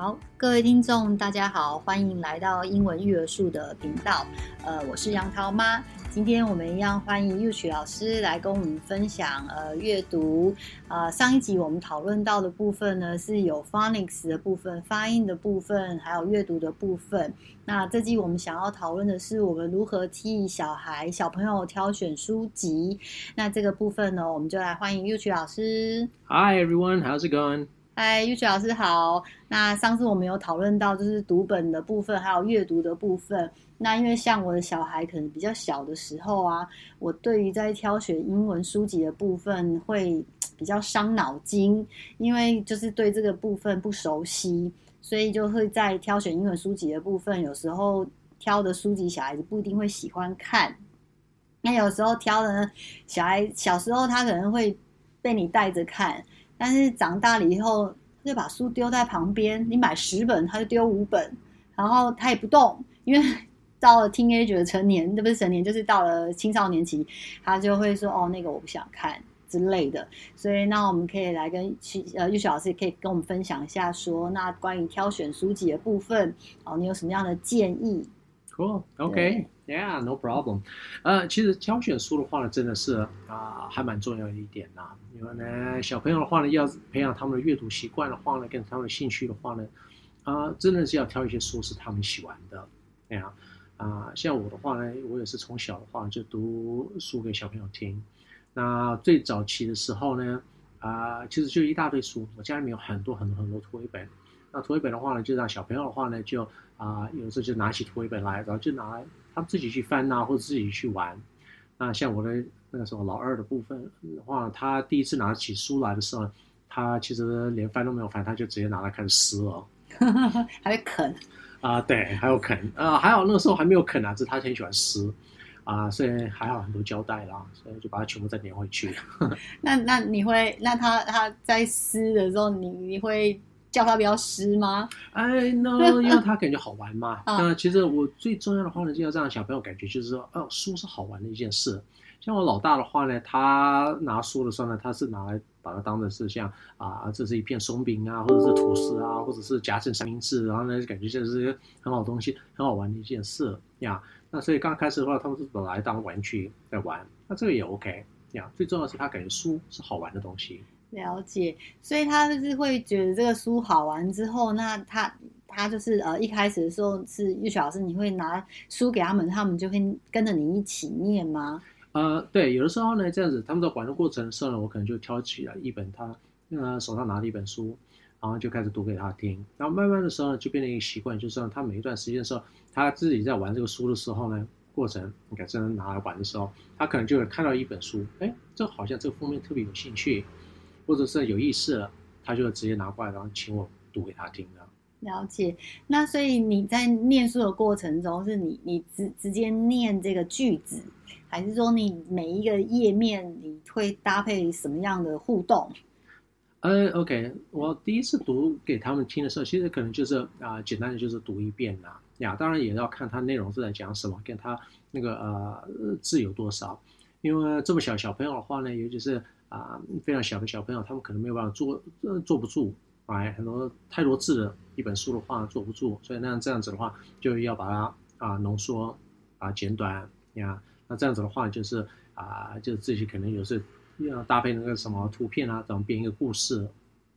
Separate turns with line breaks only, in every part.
好，各位聽眾，大家好，歡迎來到英文育兒術的頻道。呃，我是楊濤媽，今天我們一樣歡迎 Youchi 老師來跟我們分享。呃，閱讀、呃、上一集我們討論到的部分呢，是有 phonics 的部分、發音的部分，還有閱讀的部分。那這集我們想要討論的是，我們如何替小孩、小朋友挑選書籍。那這個部分呢，我們就來歡迎 Youchi 老師。
Hi everyone, how's it going?
嗨，Yuki 老師好。那上次我們有討論到，就是讀本的部分，還有閱讀的部分。那因為像我的小孩可能比較小的時候啊，我對於在挑選英文書籍的部分會比較傷腦筋，因為就是對這個部分不熟悉，所以就會在挑選英文書籍的部分，有時候挑的書籍小孩子不一定會喜歡看。那有時候挑的，小孩小時候他可能會被你帶着看。但是長大了以後，就把書丟在旁邊。你買十本，他就丟五本，然後他也不動。因為到了 teenage 的成年，那不是成年，就是到了青少年期，他就會說：“哦，那個我不想看之類的。”所以，那我們可以來跟徐呃玉雪老師也可以跟我們分享一下說，說那關於挑選書籍的部分，哦，你有什麼樣的建議？O、oh, K,、
okay. yeah, no problem. 呃、uh,，其實挑選書的話呢，真的是啊，還蠻重要的一點吶、啊。因為呢，小朋友的話呢，要培養他們的閱讀習慣的話呢，跟他們的興趣的話呢，啊，真的是要挑一些書是他們喜歡的。對啊，啊，像我的話呢，我也是從小的話就讀書給小朋友聽。那最早期的時候呢，啊，其實就一大堆書，我家裡面有很多很多很多繪本。那圖畫本的話呢，就讓小朋友的話呢，就啊、呃，有時候就拿起圖畫本來，然後就拿來他們自己去翻吶、啊，或者自己去玩。那像我的那個時候老二的部分的話，他第一次拿起書來的時候，他其實連翻都沒有翻，他就直接拿來開始撕哦。哈哈 還要啃啊、呃、對還有啃啊、呃、還好那個時候還沒有啃啊，只是他很喜歡撕啊、呃，所以還好很多膠帶啦，所以就把它全部再粘回去。
那那你會，那他他在撕的時候，你你會？叫他不要撕嗎？哎，那因
為他感覺好玩嘛。那、 uh, 呃、其實我最重要的話呢，就要、是、讓小朋友感覺就是說，哦、呃，書是好玩的一件事。像我老大的話呢，他拿書的時候呢，他是拿來把它當成是像啊、呃，這是一片鬆餅啊，或者是吐司啊，或者是夾成三明治，然後呢，感覺這是一個很好東西，很好玩的一件事呀。那所以剛開始的話，他們是拿來當玩具在玩，那這個也 OK 呀。最重要的是他感覺書是好玩的東西。
了解，所以他就是會覺得這個書好玩之後，那他他就是呃一開始的時候是玉雪老師，你會拿書給他們，他們就會跟着你一起念嗎？
呃，對，有的時候呢這樣子，他們在玩的過程的時候呢，我可能就挑起了一本他呃手上拿了一本書，然後就開始讀給他聽。然後慢慢的時候呢，就變成一個習慣，就是他每一段時間的時候，他自己在玩這個書的時候呢，過程你看這人拿來玩的時候，他可能就會看到一本書，哎，這好像這個封面特別有興趣。嗯或者是有意思了，他就直接拿過來，然後請我讀給他聽這樣。
了解。那所以你在念書的過程中，是你你直直接念這個句子，還是說你每一個頁面你會搭配什麼樣的互動？
呃、嗯，OK，我第一次讀給他們聽的時候，其實可能就是啊、呃，簡單的就是讀一遍啦。呀、啊，當然也要看他內容是在講什麼，跟他那個呃字有多少，因為這麼小，小朋友的話呢，尤其是。啊，非常小的小朋友，他們可能沒有辦法坐，坐不住，哎，很多太多字的一本書的話，坐不住，所以那樣這樣子的話，就要把它啊濃縮，啊簡短，呀，那這樣子的話就是啊，就自己可能有時候要搭配那個什麼圖片啊，怎麼編一個故事，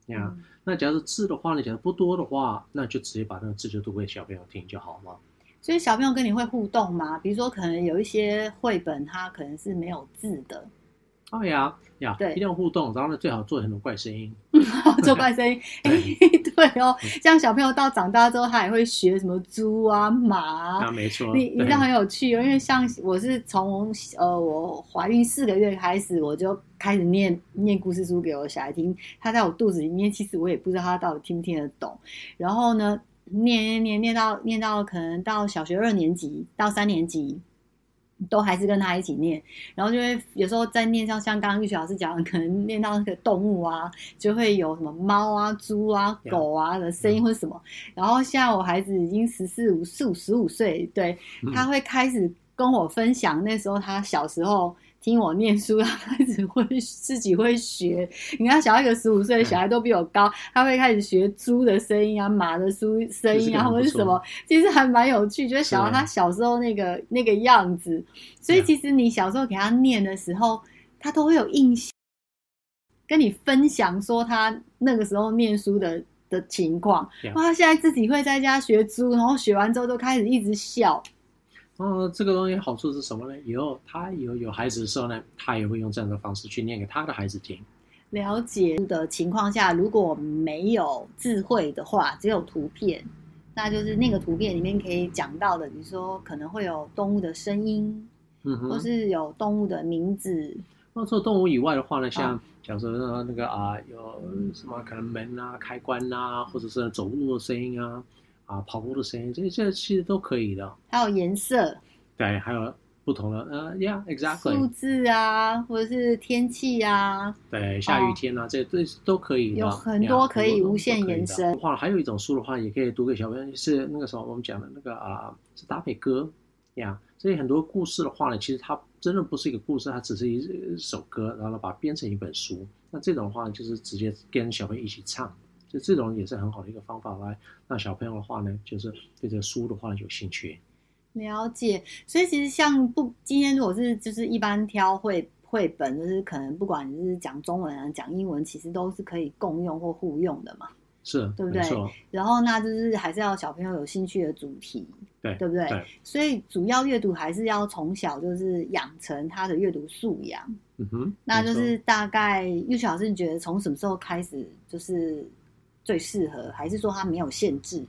呀，嗯，那假如是字的話呢，講的不多的話，那就直接把那個字就讀給小朋友聽就好了。
所以小朋友跟你會互動嗎？比如說可能有一些繪本，它可能是沒有字的。
Oh、yeah, yeah, 對呀呀，一定要互動，然後呢，最好做很多怪聲音，
做怪聲音，哎、欸，對， 對哦，這樣小朋友到長大之後，他也會學什麼豬啊、馬
啊，啊沒錯，你 你知道很有
趣哦。對因為像我是從呃我懷孕四個月開始，我就開始念念故事書給我小孩聽，他在我肚子裡面，其實我也不知道他到底聽不聽得懂。然後呢，念念念到念到，到可能到小學二年級到三年級，都還是跟他一起念，然後就會有時候在念上像剛剛玉雪老師講，可能念到那個動物啊，就會有什麼貓啊、豬啊、狗啊的聲音或者什麼。嗯。然後現在我孩子已經十四五、四五、十五歲，對，他會開始跟我分享那時候他小時候。聽我念書，他開始會自己會學。你看，小孩一個十五歲的小孩都比我高，嗯、他會開始學豬的聲音啊、馬的聲聲音啊，是或者什麼，其實還蠻有趣。就是想到他小時候那個、啊、那個樣子，所以其實你小時候給他念的時候，嗯、他都會有印象，跟你分享說他那個時候念書的的情況。嗯、哇，他現在自己會在家學豬，然後學完之後都開始一直笑。
哦，這個東西好處是什麼呢？以後他有有孩子的時候呢，他也會用這樣的方式去念給他的孩子聽。
了解的情況下，如果沒有智慧的話，只有圖片，那就是那個圖片裡面可以講到的，比如說可能會有動物的聲音，嗯哼，或是有動物的名字。
那除了動物以外的話呢，像講說那個啊，哦，呃，有什麼可能門啊、開關啊，或者是走路的聲音啊。啊，跑步的聲音，這這其實都可以的。
還有顏色，
對，還有不同的，呃，Yeah，exactly。Yeah, exactly，數
字啊，或者是天氣啊，
對，下雨天啊，啊這這都可以。有很多可以無限延伸。話，的嗯、還有一種書的話，也可以讀給小朋友，是那個時候我們講的那個啊、呃，是搭配歌呀，所以很多故事的話呢，其實它真的不是一個故事，它只是一首歌，然後把它編成一本書。那這種的話就是直接跟小朋友一起唱。就這種也是很好的一個方法來讓小朋友的話呢，就是對這個書的話有興趣。
了解，所以其實像不，今天如果是就是一般挑繪繪本，就是可能不管你是講中文啊、講英文，其實都是可以共用或互用的嘛。
是，對不對？沒錯。
然後那就是還是要小朋友有興趣的主題，
對，對不對？對，
所以主要閱讀還是要從小就是養成他的閱讀素養。嗯哼，那就是大概沒錯。玉曉老師，你覺得從什麼時候開始就是？最適合，還是說它沒有限制？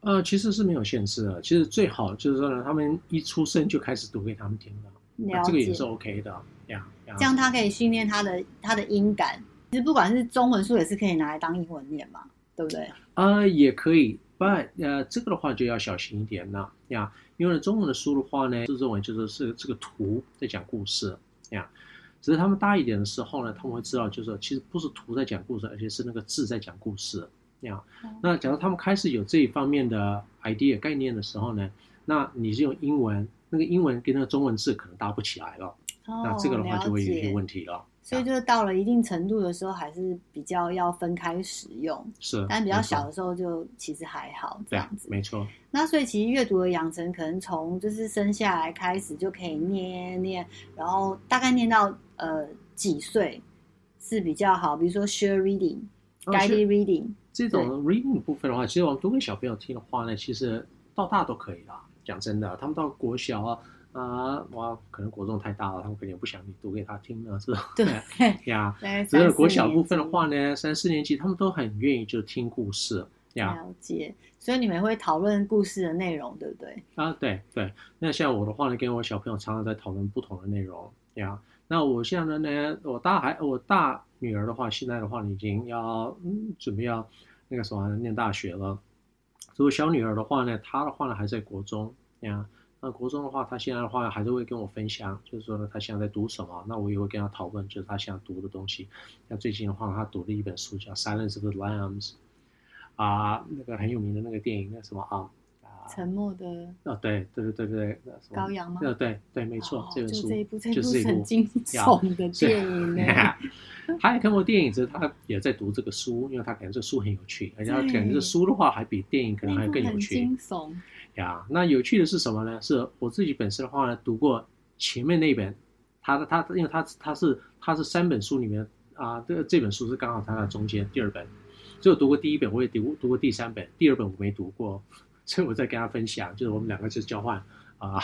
呃，其實是沒有限制的。其實最好就是說呢，他們一出生就開始讀給他們聽了，了
解。啊，這個也是
OK 的呀。Yeah, yeah. 這樣他
可以訓練他的他的音感。其實不管是中文書也是可以拿來當英文念嘛，對
不對？呃，也可以，but，呃，這個的話就要小心一點了呀，yeah, 因為中文的書的話呢，中文就是是這個圖在講故事，yeah. 只是他們大一點的時候呢，他們會知道，就是其實不是圖在講故事，而且是那個字在講故事。這樣、yeah. 哦，那假如他們開始有這一方面的 idea 概念的時候呢，那你是用英文，那個英文跟那個中文字可能搭不起來了，
哦、那這個的話就會有一些問題了。了解。這樣。所以就是到了一定程度的時候，還是比較要分開使用。是，但比較小的時候就其實還好、沒
錯、這樣子，對啊、沒錯。
那所以其實閱讀的養成，可能從就是生下來開始就可以念念，然後大概念到。呃，幾歲是比較好？比如說，share reading、啊、guided reading
這種 reading 的部分的話，對其實我們讀給小朋友聽的話呢，其實到大都可以啦。講真的、啊，他們到國小啊，啊、呃、哇，可能國中太大了，他們可能也不想你讀給他聽了，是吧？對 呀。只是國小部分的話呢，三四年級他們都很願意就聽故事呀。了
解，所以你們會討論故事的內容，對不對？
啊，對對。那像我的話呢，跟我小朋友常常在討論不同的內容呀。那我現在呢，我大孩我大女兒的話，現在的話呢，已經要、嗯、準備要那個什麼念大學了。所以我小女兒的話呢，她的話呢還在國中呀。那國中的話，她現在的話還是會跟我分享，就是說呢，她現在在讀什麼，那我也會跟她討論，就是她想讀的東西。像最近的話，她讀了一本書叫《Silence of the Lambs》，啊，那個很有名的那個電影，叫什麼啊？
沉默的啊，
對對對對對，羔羊嗎？哦、對對，對，對，對，沒錯，哦、這本書就這一一部，部，部很驚悚的電影。
Yeah,
是 他還有看過電影時，他也在讀這個書，因為他感覺這書很有趣，對而且他感覺這書的話還比電影可能還更有趣。一部很驚悚呀。Yeah, 那有趣的是什麼呢？是我自己本身的話呢，讀過前面那一本，他的他，因為他他是他是，他是三本書裡面啊，這這本書是剛好他的中間第二本，只有讀過第一本，我也讀過讀過第三本，第二本我沒讀過。所以我在跟他分享，就是我們兩個就是交換啊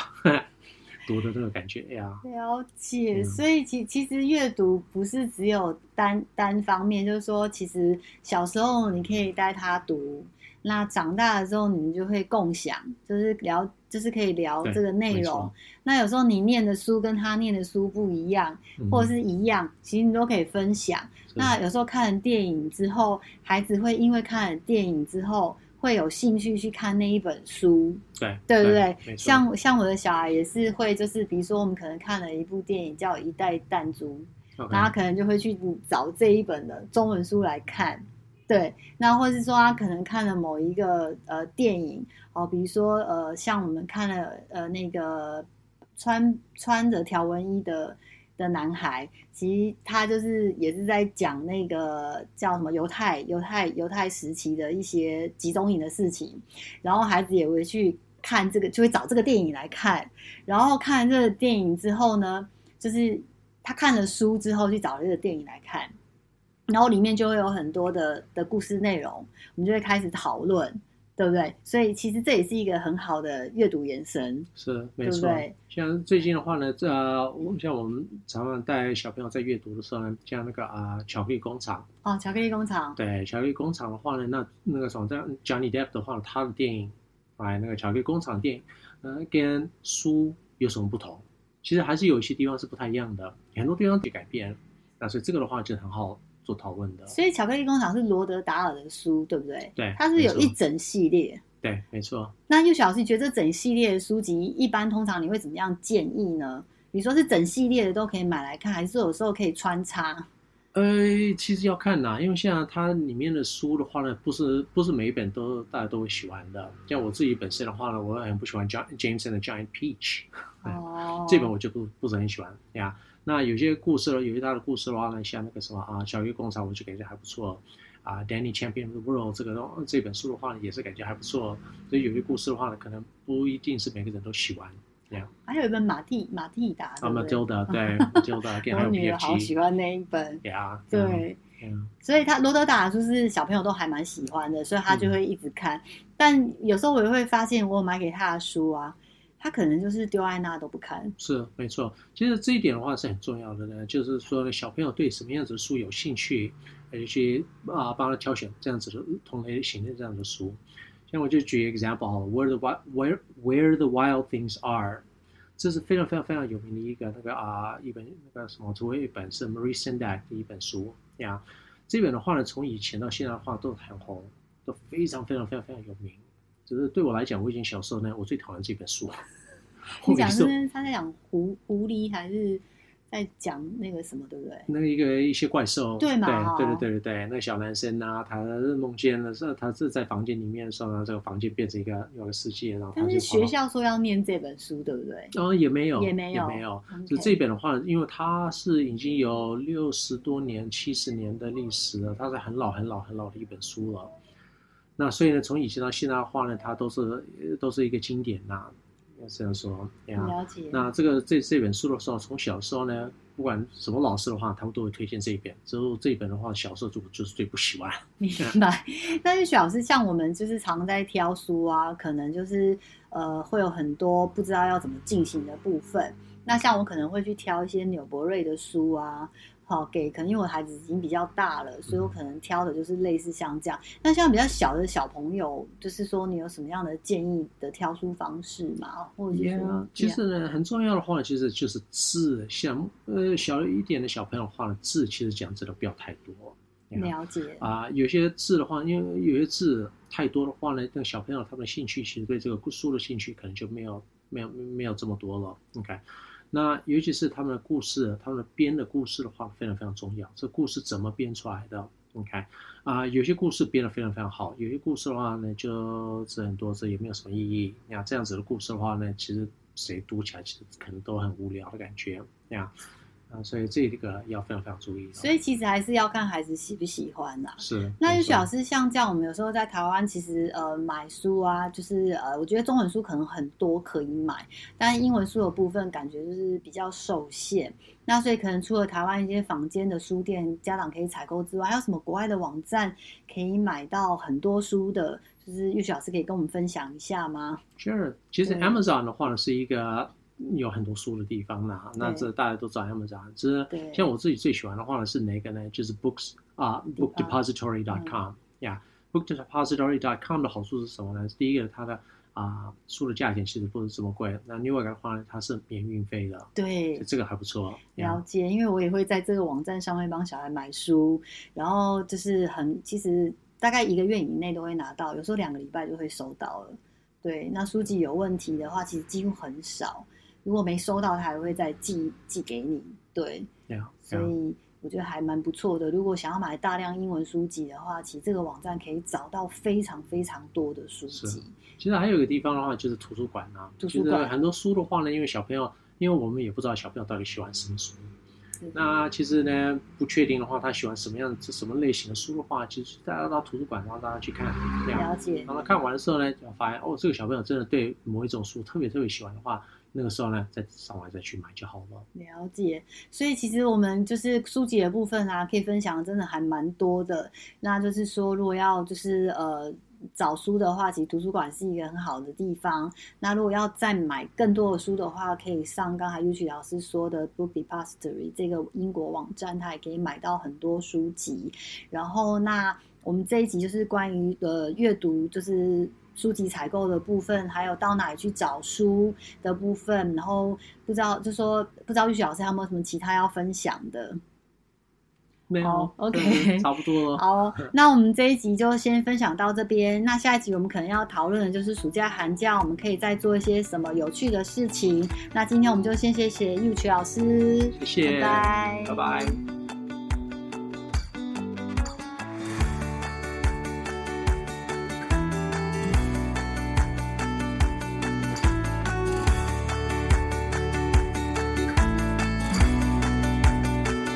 讀的那個感覺，哎呀，
了解。嗯、所以其其實閱讀不是只有單單方面，就是說，其實小時候你可以帶他讀，嗯、那長大了之後你們就會共享，就是聊，就是可以聊這個內容。那有時候你念的書跟他念的書不一樣，嗯、或者是一樣，其實你都可以分享。是那有時候看了電影之後，孩子會因為看了電影之後。會有興趣去看那一本書，對，對不對？對，像像我的小孩也是會，就是比如說我們可能看了一部電影叫《一代彈珠》，Okay. 那他可能就會去找這一本的中文書來看，對。那或是說他可能看了某一個呃電影哦、呃，比如說呃，像我們看了呃那個穿穿着條紋衣的的男孩，其實他就是也是在講那個叫什麼猶太猶太猶太時期的一些集中營的事情，然後孩子也會去看這個，就會找這個電影來看，然後看完這個電影之後呢，就是他看了書之後去找這個電影來看，然後裡面就會有很多的的故事內容，我們就會開始討論。對不對？所以其實這也是一個很好的閱讀延伸，
是，沒錯。對對，像最近的話呢，我們像我們常常帶小朋友在閱讀的時候呢，像那個啊、呃，巧克力工廠。
哦，巧克力工廠。
對，巧克力工廠的話呢，那那個從在 Johnny Depp 的話，他的電影，哎，那個巧克力工廠電影，嗯、呃，跟書有什麼不同？其實還是有一些地方是不太一樣的，很多地方去改變，那所以這個的話就很好討論的，所以
巧克力工廠是羅德達爾的書，對不對？對，它是有一整系列。
對，沒錯。
那幼小老師覺得這整系列的書籍，一般通常你會怎麼樣建議呢？你說是整系列的都可以買來看，還是有時候可以穿插？
呃，其實要看啦，因為現在它裡面的書的話呢，不是不是每一本都大家都會喜歡的。像我自己本身的話呢，我很不喜歡《James and the Giant Peach》哦哦， 這本我就不不是很喜歡，yeah. 那有些故事有些大的故事的話呢，像那個什麼啊，小魚工廠，我就感覺還不錯啊。Danny Champion of the World 這個這本書的話呢，也是感覺還不錯。所以有些故事的話呢，可能不一定是每個人都喜歡那樣。Yeah.
還有一本馬蒂馬蒂達，阿馬蒂達，對，對，
馬蒂達，G, 我女兒好喜歡
那一本，對 Yeah,
對，Yeah.
Yeah. 所以他羅德達就是小朋友都還蠻喜歡的，所以他就會一直看。嗯、但有時候我也會發現，我買給他的書啊。他可能就是丟安娜都不看，
是沒錯。其實這一點的話是很重要的呢，就是說小朋友對什麼樣子的書有興趣，而、啊、去啊幫他挑選這樣子的同類型的這樣的書。像我就舉一個 example，Where the wild Where Where the wild things are，這是非常非常非常有名的一個那個啊一本那個什麼作為一本是 Maurice Sendak 的一本書呀。這，這本的話呢，從以前到現在的話都很紅，都非常非常非常非常有名。只是對我來講，我已經小時候呢，我最討厭這本書了。你講是，
是他在講狐狐狸，還是在講那個什麼，對不對？
那一個一些怪獸，對嘛、哦？對對對對對，那個、小男生啊，他夢見的時候，他是在房間裡面的時候呢，這個房間變成一個有一個世界，然後他。但是學校
說要念這本書，對不對？
嗯、哦，也沒有，也沒有，也沒有。沒有 Okay. 就這本的話，因為他是已經有六十多年、七十年的歷史了，他是很老、很老、很老的一本書了。那所以呢，從以前到現在的話呢，它都是、呃、都是一個經典吶、啊，這樣說呀。嗯對啊、了解。那這個這這本書的時候，從小時候呢，不管什麼老師的話，他們都會推薦這一本。之後這一本的話，小時候就就是最不喜歡。明
白。但 是小時候像我們，就是常在挑書啊，可能就是呃，會有很多不知道要怎麼進行的部分。那像我可能會去挑一些紐伯瑞的書啊。好，給、oh, 可能因為我的孩子已經比較大了，所以我可能挑的就是類似像這樣。那、嗯、像比較小的小朋友，就是說你有什麼樣的建議的挑書方式嗎？或者什麼？
其實呢，很重要的話，其實就是字。像呃，小一點的小朋友，的話呢，字其實講真的不要太多。了
解
了。啊、呃，有些字的話，因為有些字太多的話呢，那小朋友他們的興趣其實對這個書的興趣可能就沒有沒有沒有這麼多了。OK。那尤其是他們的故事，他們的編的故事的話，非常非常重要。這故事怎麼編出來的？你看，okay? 啊，有些故事編得非常非常好，有些故事的話呢，就是很多字也沒有什麼意義。那這樣子的故事的話呢，其實誰讀起來其實可能都很無聊的感覺，啊，所以這個要非常非常注意，哦。
所以其實還是要看孩子喜不喜歡啦，啊。
是。那玉旭老
師像這樣，我們有時候在台灣其實呃買書啊，就是呃我覺得中文書可能很多可以買，但英文書的部分感覺就是比較受限。是。那所以可能除了台灣一些房間的書店家長可以採購之外，還有什麼國外的網站可以買到很多書的？就是玉旭老師可以跟我們分享一下嗎
？Sure，其實 Amazon 的話呢是一個。有很多書的地方呢、啊，那這大家都知道他們找。其實像我自己最喜歡的話呢是哪個呢？就是 books 啊 bookdepository.com 呀。Uh, bookdepository.com、嗯 yeah, bookdepository.com 的好處是什麼呢？第一個，它的啊、呃、書的價錢其實不是這麼貴。那另外一個的話呢，它是免運費的。對，這個還不錯。Yeah、
了解，因為我也會在這個網站上面幫小孩買書，然後就是很其實大概一個月以內都會拿到，有時候兩個禮拜就會收到了。對，那書籍有問題的話，其實幾乎很少。如果沒收到，他還會再寄寄給你。對
，yeah, yeah.
所以我覺得還蠻不錯的。如果想要買大量英文書籍的話，其實這個網站可以找到非常非常多的書籍。
其實還有一個地方的話，就是圖書館啊，圖書館很多書的話呢，因為小朋友，因為我們也不知道小朋友到底喜歡什麼書。
的那
其實呢，不確定的話，他喜歡什麼樣的什麼類型的書的話，其實大家到圖書館然後大家去看，了解。然後看完的時候呢，就發現哦，這個小朋友真的對某一種書特別特別喜歡的話。那個時候呢，再上完再去買就好了。
了解，所以其實我們就是書籍的部分啊，可以分享的真的還蠻多的。那就是說，如果要就是呃找書的話，其實圖書館是一個很好的地方。那如果要再買更多的書的話，可以上剛才 Uchi 老師說的 Book Depository 這個英國網站，它也可以買到很多書籍。然後，那我們這一集就是關於呃閱讀，就是。書籍採購的部分，還有到哪裡去找書的部分，然後不知道就說不知道玉曲老師還有沒有什麼其他要分享的？沒有，Oh，OK，差不多了。好，那我們這一集就先分享到這邊。 那下一集我們可能要討論的就是暑假寒假我們可以再做一些什麼有趣的事情。那今天我們就先謝謝玉曲老師，謝謝，拜拜 bye，拜
拜。